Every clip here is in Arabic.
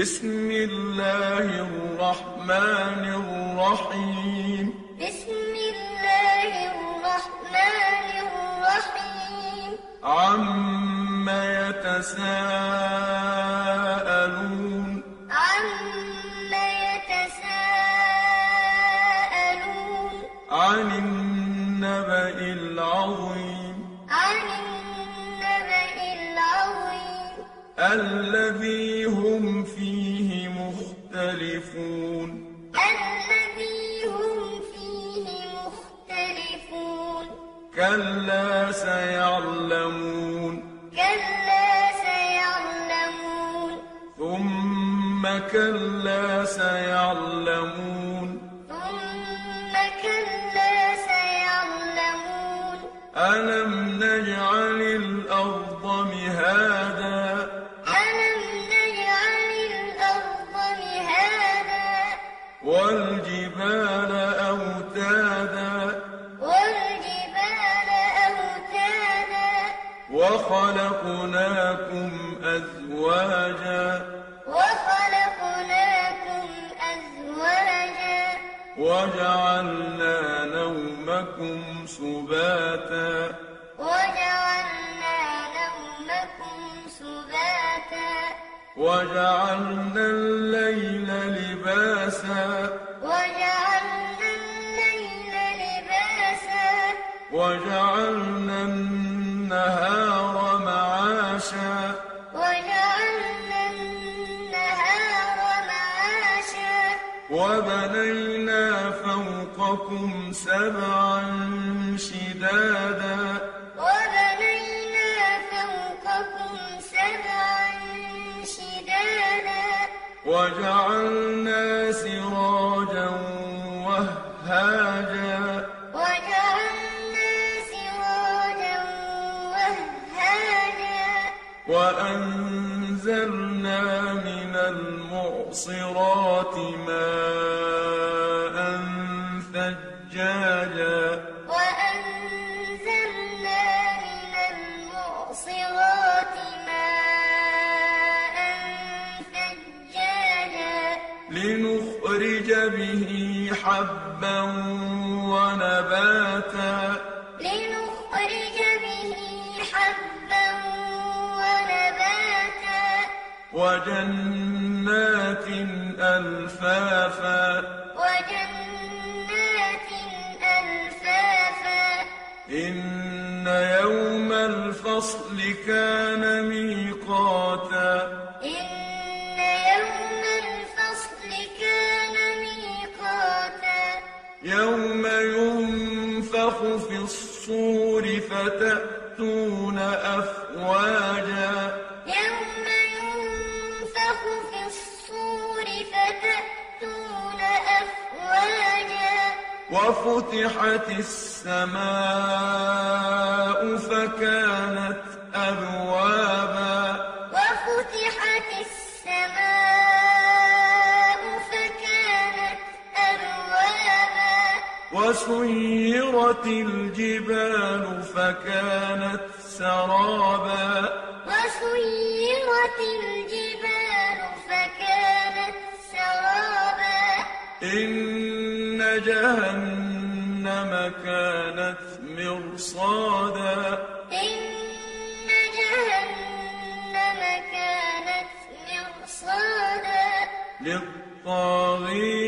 بسم الله الرحمن الرحيم بسم الله الرحمن الرحيم عم يتساءل كلا سيعلمون كلا سيعلمون ثم كلا سيعلمون ثم كلا سيعلمون ألم وخلقناكم أزواجا وخلقناكم أزواجا وجعلنا نومكم سباتا وجعلنا نومكم سباتا وجعلنا الليل لباسا وبنينا فوقكم سبعا شدادا وبنينا فوقكم سبعا شدادا وجعلنا سراجا وهاجا وجعلنا سراجا وهاجا وأنزلنا والمعصرات ماء ثجاجا وأنزلنا من المعصرات ماء ثجاجا لنخرج به حبا وجنات ألفافا وجنات ألفافا إن يوم الفصل كان ميقاتا إن يوم الفصل كان ميقاتا يوم ينفخ في الصور فتأتون أفواجا يوم وفتحت السماء فكانت أبوابا وفتحت السماء فكانت أبوابا وسيرت الجبال فكانت سرابا وسيرت الجبال فكانت سرابا إن جهنم كانت مرصادا إن جهنم كانت مرصادا للطاغين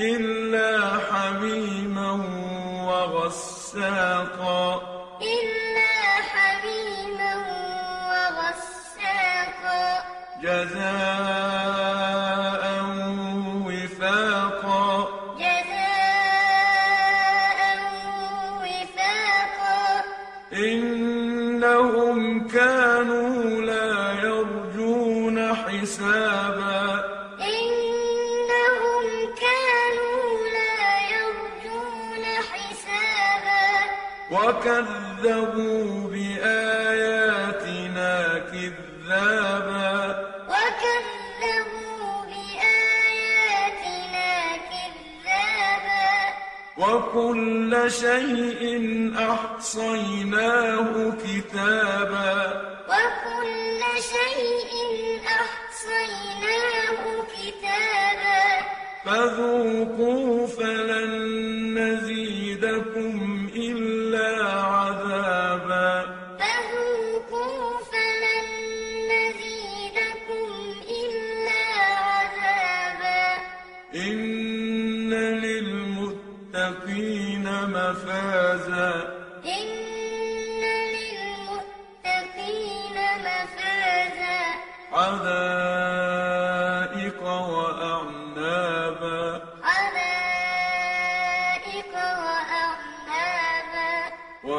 إلا حميما وغساقا وكذبوا بآياتنا كذابا وكذبوا بآياتنا كذابا وكل شيء أحصيناه كتابا وكل شيء أحصيناه كتابا فذوقوا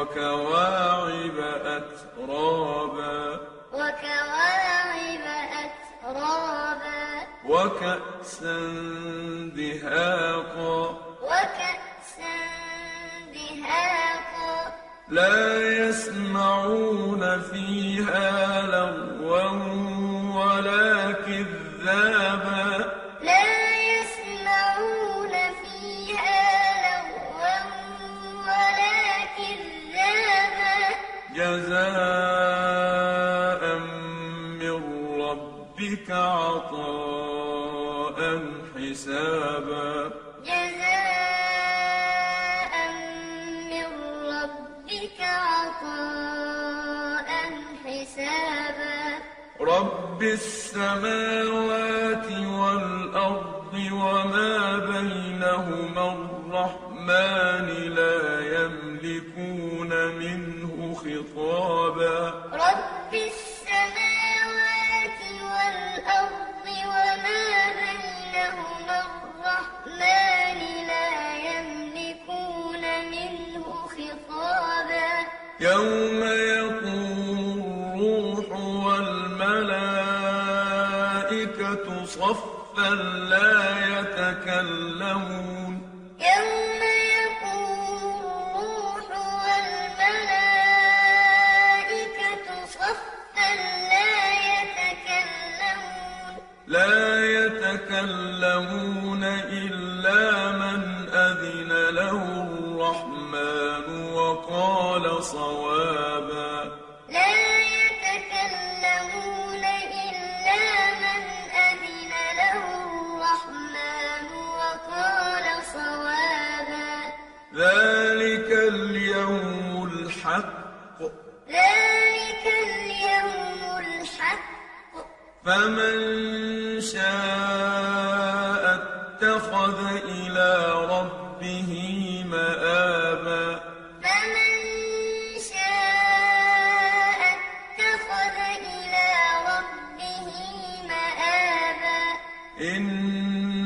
وكواعب أترابا وكواعب أترابا وكأسا دهاقا وكأسا دهاقا لا يسمعون فيها جزاء من ربك عطاء حسابا جزاء من ربك عطاء حسابا رب السماوات والأرض وما بينهما الرحمن لهم الرحمن لا يملكون منه خطابا يوم يقوم الروح والملائكة صفا وقال صوابا لا يتكلمون إلا من أذن له الرحمن وقال صوابا ذلك اليوم الحق ذلك اليوم الحق فمن إن